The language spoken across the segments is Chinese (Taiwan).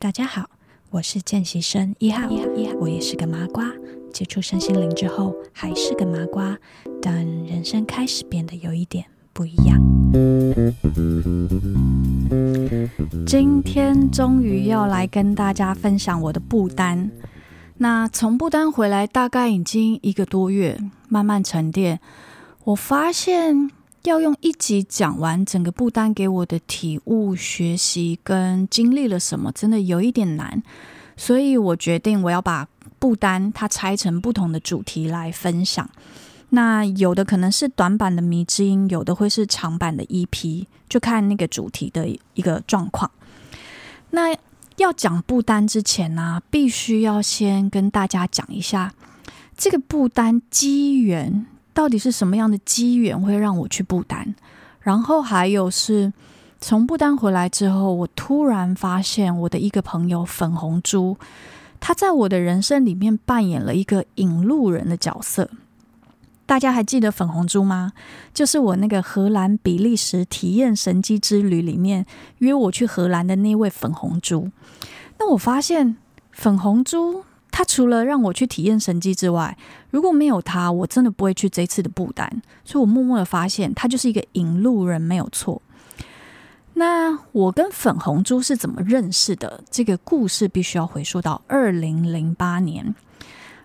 大家好，我是見習生一號，一號，一號，我也是個麻瓜。接觸身心靈之後，還是個麻瓜，但人生開始變得有一點不一樣。今天終於要來跟大家分享我的不丹。那從不丹回來大概已經一個多月，慢慢沉澱，我發現。要用一集講完整個不丹給我的體悟、學習跟經歷了什麼，真的有一點難，所以我決定我要把不丹它拆成不同的主題來分享。那有的可能是短版的迷之音，有的會是長版的 EP，就看那個主題的一個狀況。那要講不丹之前呢、啊，必須要先跟大家講一下這個不丹機緣。到底是什麼樣的機緣會讓我去不丹？然後還有是從不丹回來之後，我突然發現我的一個朋友粉紅豬，他在我的人生裡面扮演了一個引路人的角色。大家還記得粉紅豬嗎？就是我那個荷蘭比利時體驗神蹟之旅裡面約我去荷蘭的那位粉紅豬。那我發現粉紅豬，他除了讓我去體驗神機之外，如果沒有他，我真的不會去這次的布丹。所以，我默默的發現，他就是一個引路人，沒有錯。那我跟粉紅豬是怎麼認識的？這個故事必須要回溯到二零零八年。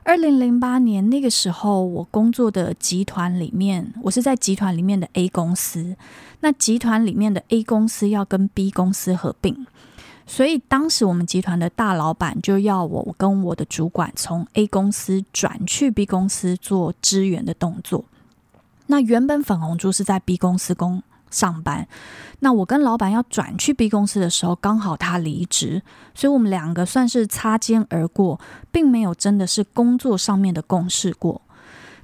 二零零八年那個時候，我工作的集團裡面，我是在集團裡面的 A 公司。那集團裡面的 A 公司要跟 B 公司合併。所以當時我們集團的大老板就要我跟我的主管從 A 公司轉去 B 公司做支援的動作。那原本粉紅豬是在 B 公司工上班，那我跟老板要轉去 B 公司的時候，剛好他離職，所以我們兩個算是擦肩而過，並沒有真的是工作上面的共事過。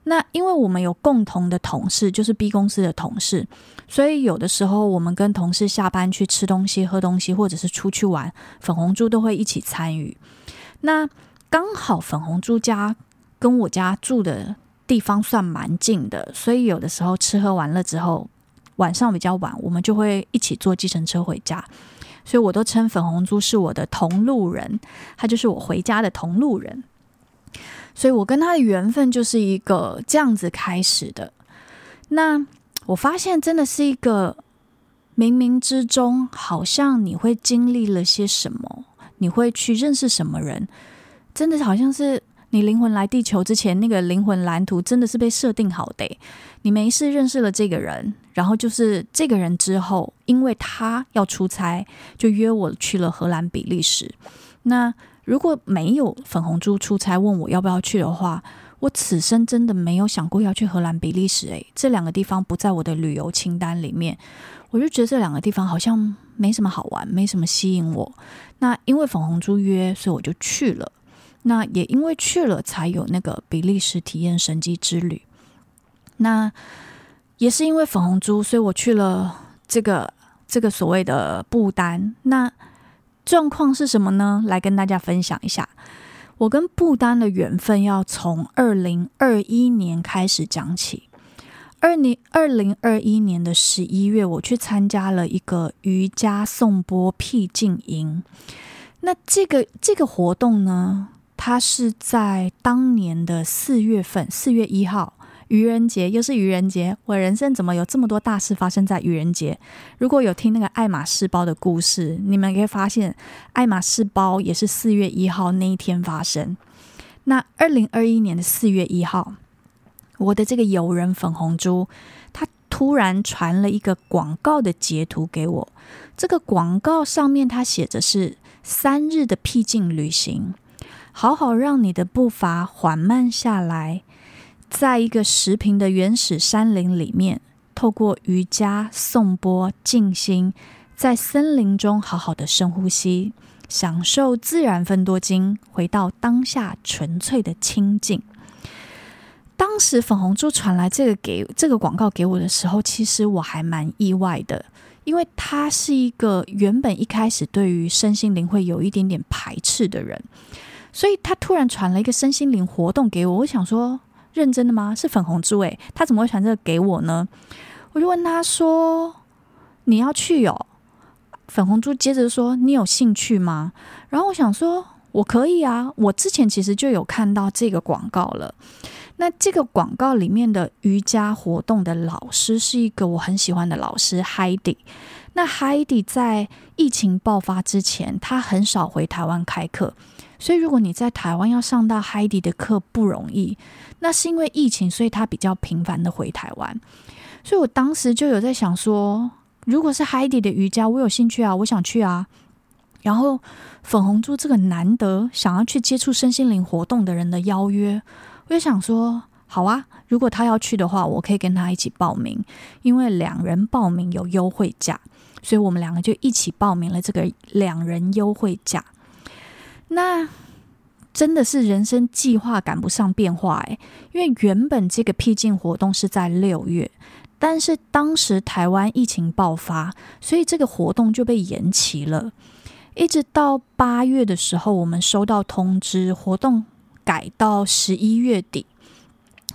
那因為我們有共同的同事，就是 B 公司的同事，所以有的時候我們跟同事下班去吃東西、喝東西，或者是出去玩，粉紅豬都會一起參與。那剛好粉紅豬家跟我家住的地方算蠻近的，所以有的時候吃喝玩樂之後，晚上比較晚，我們就會一起坐計程車回家。所以我都稱粉紅豬是我的同路人，他就是我回家的同路人。所以，我跟他的緣分就是一個這樣子開始的。那我發現，真的是一個冥冥之中，好像你會經歷了些什麼，你會去認識什麼人，真的好像是你靈魂來地球之前那個靈魂藍圖，真的是被設定好的欸。你沒事認識了這個人，然後就是這個人之後，因為他要出差，就約我去了荷蘭、比利時。那如果沒有粉紅豬出差，問我要不要去的話，我此生真的沒有想過要去荷蘭、比利時。誒，這兩個地方不在我的旅遊清單裡面，我就覺得這兩個地方好像沒什麼好玩，沒什麼吸引我。那因為粉紅豬約，所以我就去了。那也因為去了，才有那個比利時體驗神蹟之旅。那也是因為粉紅豬，所以我去了這個這個所謂的不丹。那狀況是什麼呢？來跟大家分享一下，我跟不丹的緣分要從二零二一年開始講起。二零二零二一年的十一月，我去參加了一個瑜伽頌缽僻靜營。那這個這個活動呢，它是在當年的四月份，四月一號。愚人節，又是愚人節，我人生怎麼有這麼多大事發生在愚人節？如果有聽那個愛馬仕包的故事，你們可以發現，愛馬仕包也是四月一號那一天發生。那二零二一年的四月一號，我的這個友人粉紅豬，他突然傳了一個廣告的截圖給我。這個廣告上面他寫着是三日的僻靜旅行，好好讓你的步伐緩慢下來。在一個十坪的原始山林裡面，透過瑜伽、頌缽、靜心，在森林中好好的深呼吸，享受自然芬多精，回到當下純粹的清淨。當時粉紅豬傳來這個給這個廣告給我的時候，其實我還蠻意外的，因為他是一個原本一開始對於身心靈會有一點點排斥的人，所以他突然傳了一個身心靈活動給我，我想說。認真的嗎？是粉紅豬誒、欸，他怎麼會傳這個給我呢？我就問他說：“你要去哦”。粉紅豬接着說：“你有興趣嗎？”然後我想說：“我可以啊，我之前其實就有看到這個廣告了。”那這個廣告裡面的瑜伽活動的老師是一個我很喜歡的老師 Heidi。那 Heidi 在疫情爆發之前，他很少回台灣開課。所以，如果你在台灣要上到 Heidi 的課不容易，那是因為疫情，所以他比較頻繁的回台灣。所以我當時就有在想說，如果是 Heidi 的瑜伽，我有興趣啊，我想去啊。然後粉紅豬這個難得想要去接觸身心靈活動的人的邀約，我就想說好啊，如果他要去的話，我可以跟他一起報名，因為兩人報名有優惠價，所以我們兩個就一起報名了這個兩人優惠價。那真的是人生計劃趕不上變化誒、欸，因為原本這個僻靜活動是在六月，但是當時台灣疫情爆發，所以這個活動就被延期了。一直到八月的時候，我們收到通知，活動改到十一月底，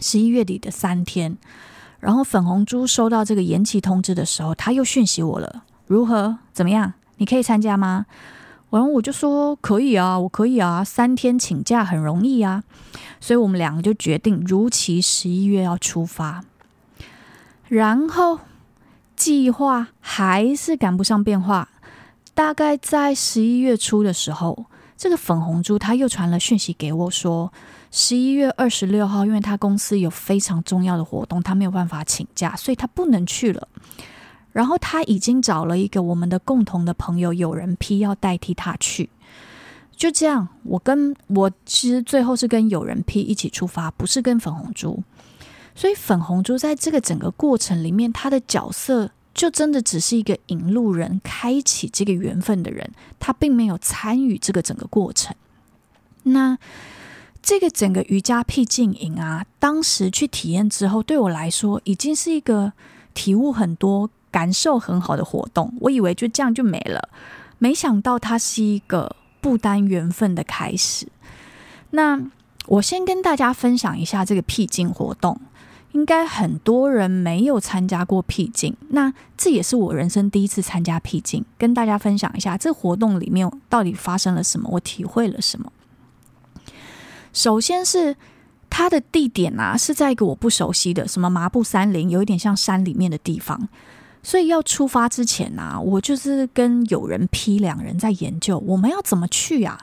十一月底的三天。然後粉紅豬收到這個延期通知的時候，他又訊息我了：如何？怎麼樣？你可以參加嗎？然後我就說可以啊，我可以啊，三天請假很容易啊，所以我們兩個就決定如期十一月要出發。然後計劃還是趕不上變化，大概在十一月初的時候，這個粉紅豬他又傳了訊息給我說，十一月二十六號，因為他公司有非常重要的活動，他沒有辦法請假，所以他不能去了。然後他已經找了一個我們的共同的朋友、友、友人 P 要代替他去，就這樣，我跟我其實最後是跟友人 P 一起出發，不是跟粉紅豬。所以粉紅豬在這個整個過程裡面，他的角色就真的只是一個引路人，開啟這個緣分的人，他並沒有參與這個整個過程。那這個整個瑜伽 P 靜營啊，當時去體驗之後，對我來說已經是一個體悟很多。感受很好的活動，我以為就這樣就沒了，沒想到它是一個不丹緣分的開始。那我先跟大家分享一下這個僻靜活動，應該很多人沒有參加過僻靜，那這也是我人生第一次參加僻靜，跟大家分享一下這個活動裡面到底發生了什麼，我體會了什麼。首先是它的地點啊，是在一個我不熟悉的什麼麻布山林，有一點像山裡面的地方。所以要出發之前吶、啊，我就是跟有人批兩人在研究，我們要怎麼去啊？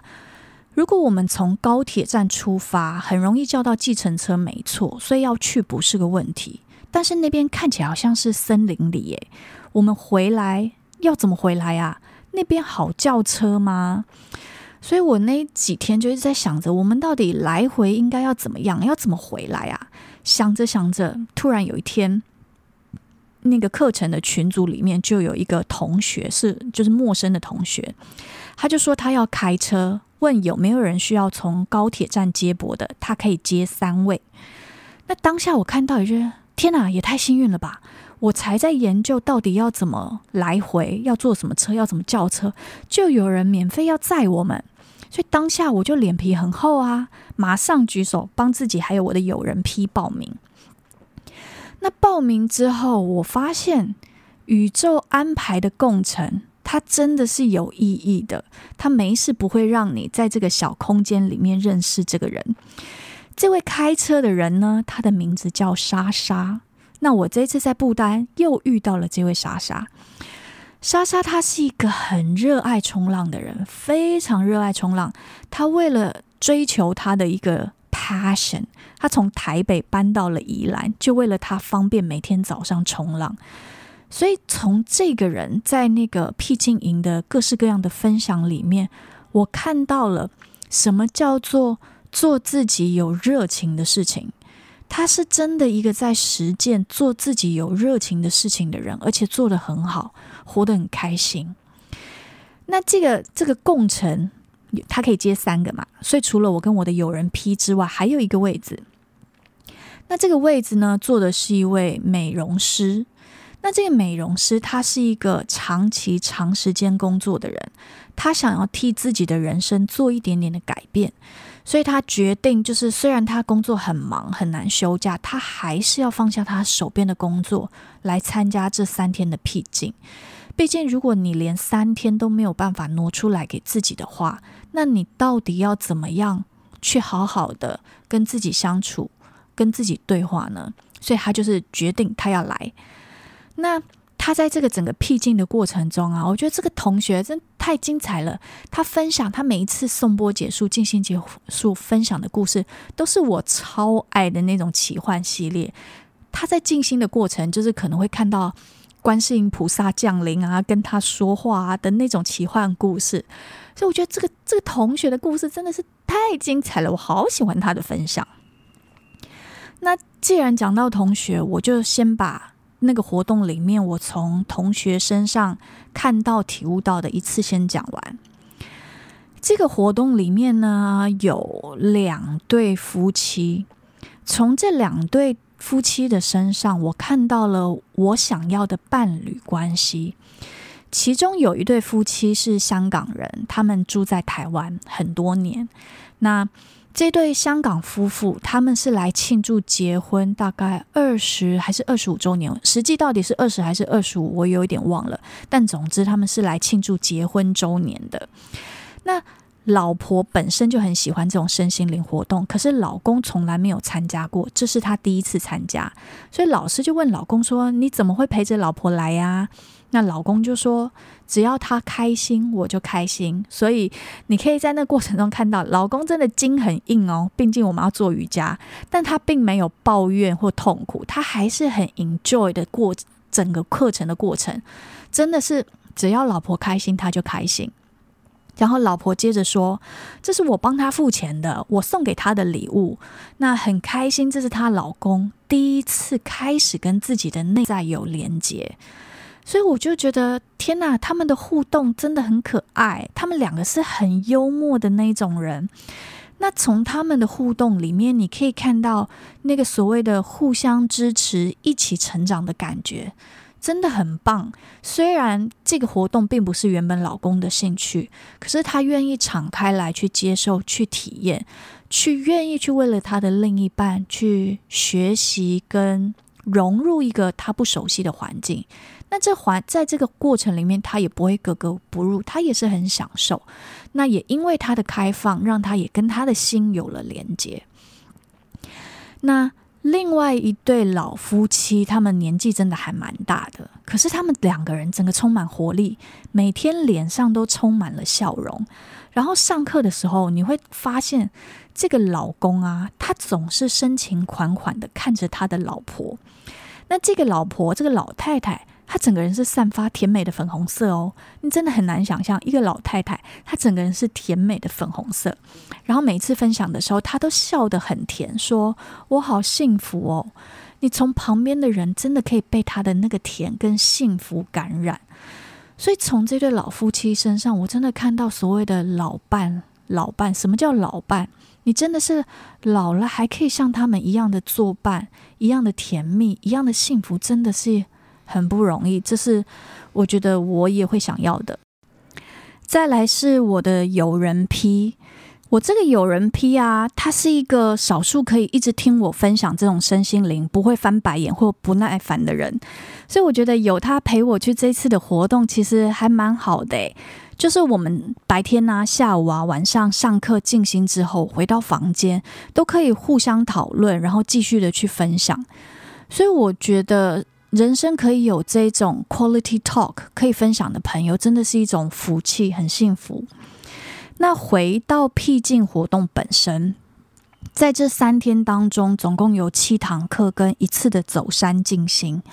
如果我們從高鐵站出發，很容易叫到計程車，沒錯，所以要去不是個問題。但是那邊看起來好像是森林裡耶。我們回來要怎麼回來啊？那邊好叫車嗎？所以我那幾天就一直在想着，我們到底來回應該要怎麼樣，要怎麼回來啊？想着想着，突然有一天。那個課程的群組裡面就有一個同學，是就是陌生的同學，他就說他要開車，問有沒有人需要從高鐵站接駁的，他可以接三位。那當下我看到也是，天哪，也太幸運了吧！我才在研究到底要怎麼來回，要坐什麼車，要怎麼叫車，就有人免費要載我們，所以當下我就臉皮很厚啊，馬上舉手幫自己還有我的友人批報名。那報名之後，我發現宇宙安排的共乘，它真的是有意義的。它沒事不會讓你在這個小空間裡面認識這個人。這位開車的人呢，他的名字叫莎莎。那我這次在不丹又遇到了這位莎莎。莎莎她是一個很熱愛衝浪的人，非常熱愛衝浪。她為了追求她的一個。Passion，他從台北搬到了宜蘭，就為了他方便每天早上衝浪。所以從這個人在那個僻靜營的各式各樣的分享裡面，我看到了什麼叫做做自己有熱情的事情。他是真的一個在實踐做自己有熱情的事情的人，而且做得很好，活得很開心。那這個這個共成。他可以接三個嘛，所以除了我跟我的友人 P 之外，還有一個位置。那這個位置呢，坐的是一位美容師。那這個美容師，他是一個長期長時間工作的人，他想要替自己的人生做一點點的改變，所以他決定，就是雖然他工作很忙，很難休假，他還是要放下他手邊的工作，來參加這三天的僻靜。畢竟，如果你連三天都沒有辦法挪出來給自己的話，那你到底要怎麼樣去好好的跟自己相處、跟自己對話呢？所以他就是決定他要來。那他在這個整個僻靜的過程中啊，我覺得這個同學真太精彩了。他分享他每一次頌缽結束、靜心結束分享的故事，都是我超愛的那種奇幻系列。他在靜心的過程，就是可能會看到，觀世音菩薩降臨啊，跟他說話啊的那種奇幻故事，所以我覺得這個這個同學的故事真的是太精彩了，我好喜歡他的分享。那既然講到同學，我就先把那個活動裡面我從同學身上看到體悟到的，一次先講完。這個活動裡面呢，有兩對夫妻，從這兩對。夫妻的身上，我看到了我想要的伴侶關係。其中有一對夫妻是香港人，他們住在台灣很多年。那這對香港夫婦，他們是來慶祝結婚大概二十還是二十五周年？實際到底是二十還是二十五？我有一點忘了。但總之，他們是來慶祝結婚周年的。那，老婆本身就很喜歡這種身心靈活動，可是老公從來沒有參加過，這是他第一次參加，所以老師就問老公說：“你怎麼會陪着老婆來呀？”那老公就說：“只要她開心，我就開心。”所以你可以在那過程中看到，老公真的筋很硬哦，畢竟我們要做瑜伽，但他並沒有抱怨或痛苦，他還是很 enjoy 的過整個課程的過程，真的是只要老婆開心，他就開心。然後老婆接着說：“這是我幫他付錢的，我送給他的禮物。那很開心，這是她老公第一次開始跟自己的內在有連接，所以我就覺得天哪，他們的互動真的很可愛。他們兩個是很幽默的那種人。那從他們的互動裡面，你可以看到那個所謂的互相支持、一起成長的感覺。”真的很棒。雖然這個活動並不是原本老公的興趣，可是他願意敞開來去接受、去體驗、去願意去為了他的另一半去學習跟融入一個他不熟悉的環境。那這環在這個過程裡面，他也不會格格不入，他也是很享受。那也因為他的開放，讓他也跟他的心有了連接。那另外一對老夫妻，他們年紀真的還蠻大的，可是他們兩個人整個充滿活力，每天臉上都充滿了笑容。然後上課的時候，你會發現這個老公啊，他總是深情款款地看着他的老婆。那這個老婆，這個老太太。她整個人是散發甜美的粉紅色哦，你真的很難想象一個老太太，她整個人是甜美的粉紅色。然後每次分享的時候，她都笑得很甜，說我好幸福哦。你從旁邊的人真的可以被她的那個甜跟幸福感染。所以從這對老夫妻身上，我真的看到所謂的老伴，老伴，什麼叫老伴？你真的是老了，還可以像他們一樣的作伴，一樣的甜蜜，一樣的幸福，真的是。很不容易，這是我覺得我也會想要的。再來是我的友人 P，我這個友人 P 啊，他是一個少數可以一直聽我分享這種身心靈，不會翻白眼或不耐煩的人，所以我覺得有他陪我去這一次的活動，其實還蠻好的。就是我們白天啊、下午啊、晚上上課靜心之後，回到房間都可以互相討論，然後繼續的去分享，所以我覺得。人生可以有這種 quality talk 可以分享的朋友，真的是一種福氣，很幸福。那回到僻靜活動本身，在這三天當中，總共有七堂課跟一次的走山進行，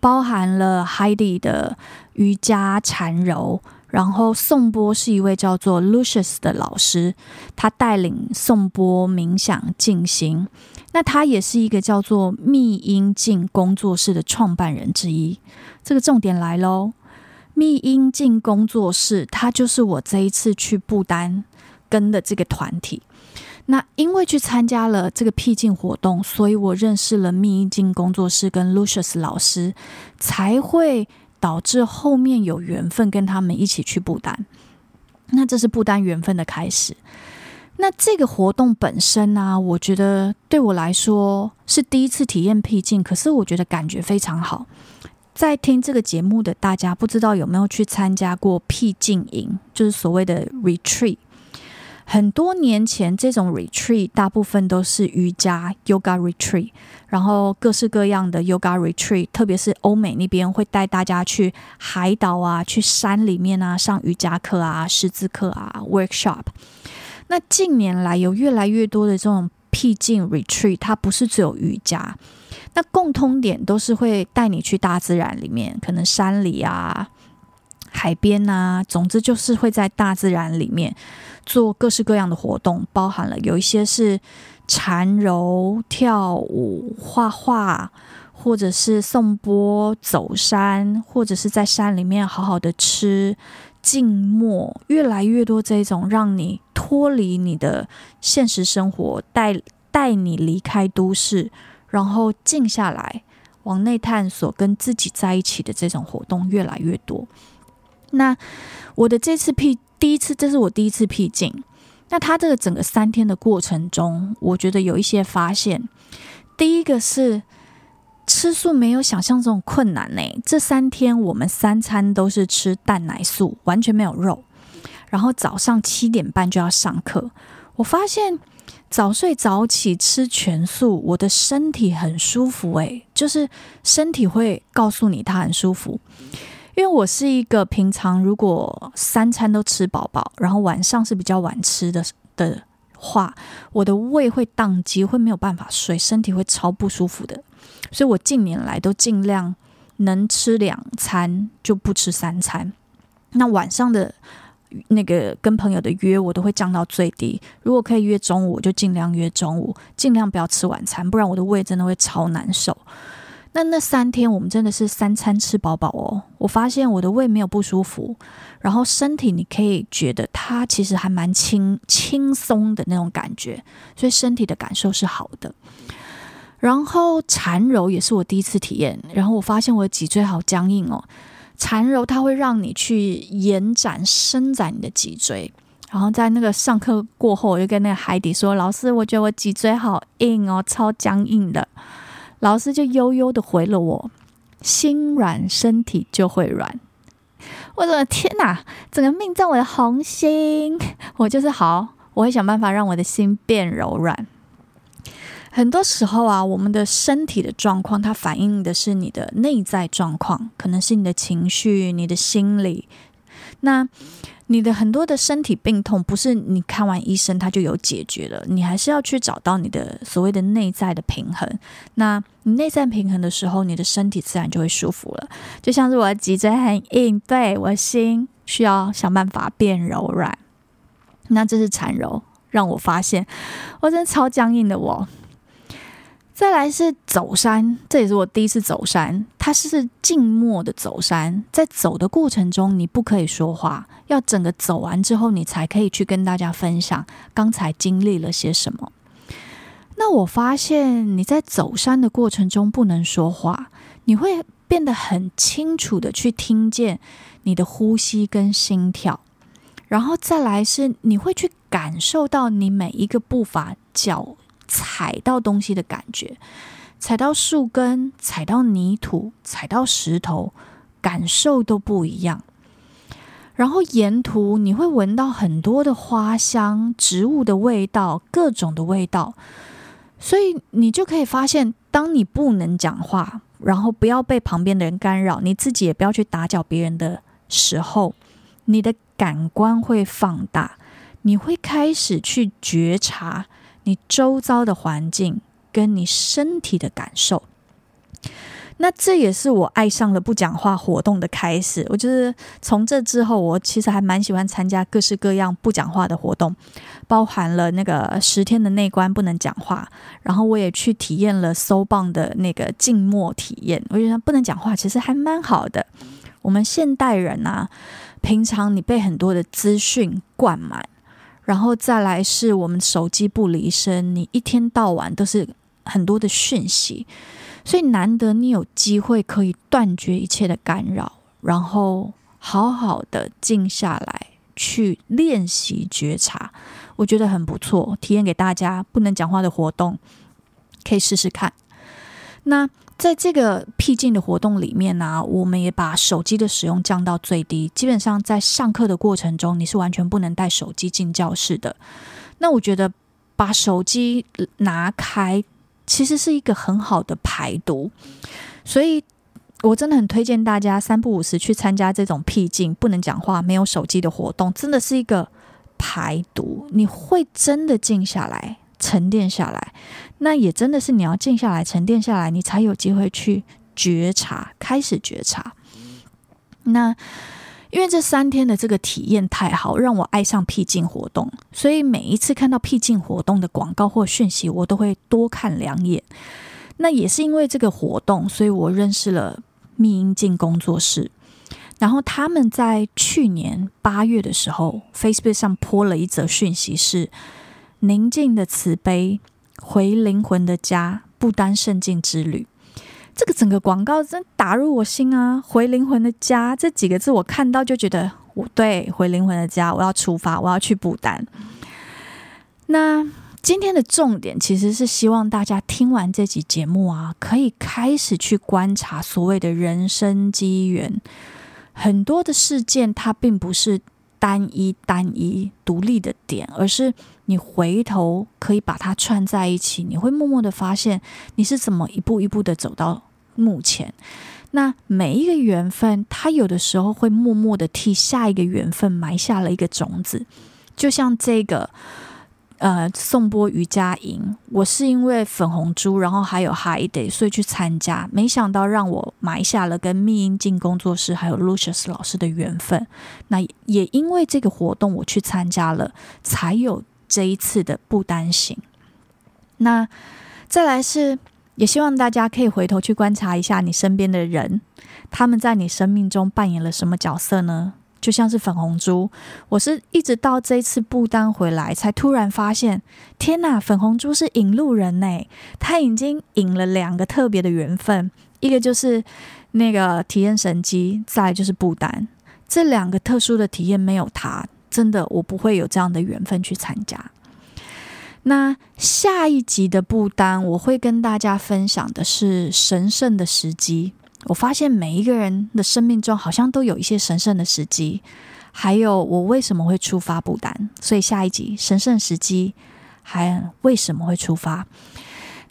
包含了 Heidi 的瑜伽禪柔，然後頌缽是一位叫做 Lucius 的老師，他帶領頌缽冥想進行。那他也是一個叫做密音鏡工作室的創辦人之一。這個重點來嘍，密音鏡工作室，他就是我這一次去不丹跟的這個團體。那因為去參加了這個僻靜活動，所以我認識了密音鏡工作室跟 Lucius 老師，才會導致後面有緣分跟他們一起去不丹。那這是不丹緣分的開始。那這個活動本身呢、啊，我覺得對我來說是第一次體驗僻靜，可是我覺得感覺非常好。在聽這個節目的大家，不知道有沒有去參加過僻靜營，就是所謂的 retreat。很多年前，這種 retreat 大部分都是瑜伽 yoga retreat，然後各式各樣的 yoga retreat，特別是歐美那邊會帶大家去海島啊、去山裡面啊、上瑜伽課啊、師資課啊 workshop。那近年來有越來越多的這種僻靜 retreat，它不是只有瑜伽，那共通點都是會帶你去大自然裡面，可能山裡啊、海邊啊，總之就是會在大自然裡面做各式各樣的活動，包含了有一些是禪柔、跳舞、畫畫，或者是頌缽、走山，或者是在山裡面好好的吃。靜默越來越多，這種讓你脫離你的現實生活，帶帶你離開都市，然後靜下來，往內探索，跟自己在一起的這種活動越來越多。那我的這次僻第一次，這是我第一次僻靜。那它這個整個三天的過程中，我覺得有一些發現。第一個是。吃素沒有想象中困難呢、欸。這三天我們三餐都是吃蛋奶素，完全沒有肉。然後早上七點半就要上課，我發現早睡早起吃全素，我的身體很舒服誒、欸，就是身體會告訴你它很舒服。因為我是一個平常如果三餐都吃飽飽，然後晚上是比較晚吃的的。話，我的胃會當機，會沒有辦法睡，身體會超不舒服的。所以我近年來都盡量能吃兩餐就不吃三餐。那晚上的那個跟朋友的約，我都會降到最低。如果可以約中午，我就盡量約中午，盡量不要吃晚餐，不然我的胃真的會超難受。那那三天我們真的是三餐吃飽飽哦，我發現我的胃沒有不舒服，然後身體你可以覺得它其實還蠻輕輕鬆的那種感覺，所以身體的感受是好的。然後禪柔也是我第一次體驗，然後我發現我的脊椎好僵硬哦，禪柔它會讓你去延展伸展你的脊椎，然後在那個上課過後，我就跟那個海底說，老師，我覺得我脊椎好硬哦，超僵硬的。老師就悠悠的回了我：“心軟，身體就會軟。”我的天哪、啊！整個命中我的紅心。我就是好，我會想辦法讓我的心變柔軟。很多時候啊，我們的身體的狀況，它反映的是你的內在狀況，可能是你的情緒，你的心理。那。你的很多的身體病痛，不是你看完醫生他就有解決了，你還是要去找到你的所謂的內在的平衡。那你內在平衡的時候，你的身體自然就會舒服了。就像是我的脊椎很硬，對，我的心需要想辦法變柔軟。那這是禪柔，讓我發現，我真的超僵硬的我。再來是走山，這也是我第一次走山。它是靜默的走山，在走的過程中你不可以說話，要整個走完之後你才可以去跟大家分享剛才經歷了些什麼。那我發現你在走山的過程中不能說話，你會變得很清楚的去聽見你的呼吸跟心跳，然後再來是你會去感受到你每一個步伐腳。踩到東西的感覺，踩到樹根，踩到泥土，踩到石頭，感受都不一樣。然後沿途你會聞到很多的花香、植物的味道、各種的味道，所以你就可以發現，當你不能講話，然後不要被旁邊的人干擾，你自己也不要去打攪別人的時候，你的感官會放大，你會開始去覺察。你周遭的環境跟你身體的感受，那這也是我愛上了不講話活動的開始。我就是從這之後，我其實還蠻喜歡參加各式各樣不講話的活動，包含了那個十天的內觀不能講話，然後我也去體驗了收棒的那個靜默體驗。我覺得不能講話其實還蠻好的。我們現代人啊，平常你被很多的資訊灌滿。然後再來是我們手機不離身，你一天到晚都是很多的訊息，所以難得你有機會可以斷絕一切的干擾，然後好好的靜下來去練習覺察，我覺得很不錯，體驗給大家不能講話的活動，可以試試看。那。在這個僻靜的活動裡面呢、啊，我們也把手機的使用降到最低。基本上在上課的過程中，你是完全不能帶手機進教室的。那我覺得把手機拿開，其實是一個很好的排毒。所以我真的很推薦大家三不五時去參加這種僻靜、不能講話、沒有手機的活動，真的是一個排毒，你會真的靜下來。沉澱下來，那也真的是你要靜下來、沉澱下來，你才有機會去覺察，開始覺察。那因為這三天的這個體驗太好，讓我愛上僻靜活動，所以每一次看到僻靜活動的廣告或訊息，我都會多看兩眼。那也是因為這個活動，所以我認識了密音靜工作室。然後他們在去年八月的時候，Facebook 上 PO 了一則訊息是。寧靜的慈悲，回靈魂的家，不丹聖境之旅。這個整個廣告真打入我心啊！回靈魂的家這幾個字，我看到就覺得，我，對，回靈魂的家，我要出發，我要去不丹。那今天的重點其實是希望大家聽完這集節目啊，可以開始去觀察所謂的人生機緣。很多的事件，它並不是單一、單一、獨立的點，而是。你回頭可以把它串在一起，你會默默的發現你是怎麼一步一步的走到目前。那每一個緣分，他有的時候會默默的替下一個緣分埋下了一個種子。就像這個，呃，頌缽瑜伽營，我是因為粉紅豬，然後還有 Haidy，所以去參加，沒想到讓我埋下了跟密音進工作室還有 Lucius 老師的緣分。那也因為這個活動我去參加了，才有。這一次的不丹行，那再來是也希望大家可以回頭去觀察一下你身邊的人，他們在你生命中扮演了什麼角色呢？就像是粉紅豬，我是一直到這一次不丹回來，才突然發現，天哪！粉紅豬是引路人哎，欸，他已經引了兩個特別的緣分，一個就是那個體驗神蹟，再就是不丹這兩個特殊的體驗，沒有他。真的，我不會有這樣的緣分去參加。那下一集的不丹，我會跟大家分享的是神聖的時機。我發現每一個人的生命中好像都有一些神聖的時機，還有我為什麼會出發不丹。所以下一集神聖時機，還為什麼會出發？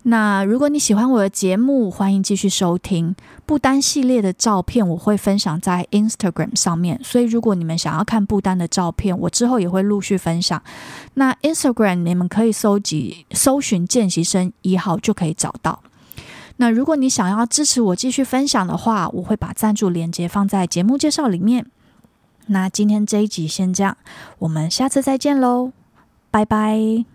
那如果你喜歡我的節目，歡迎繼續收聽。不丹系列的照片我會分享在 Instagram 上面，所以如果你們想要看不丹的照片，我之後也會陸續分享。那 Instagram 你們可以搜集搜尋“見習生一號”就可以找到。那如果你想要支持我繼續分享的話，我會把贊助鏈接放在節目介紹裡面。那今天這一集先這樣，我們下次再見嘍，拜拜。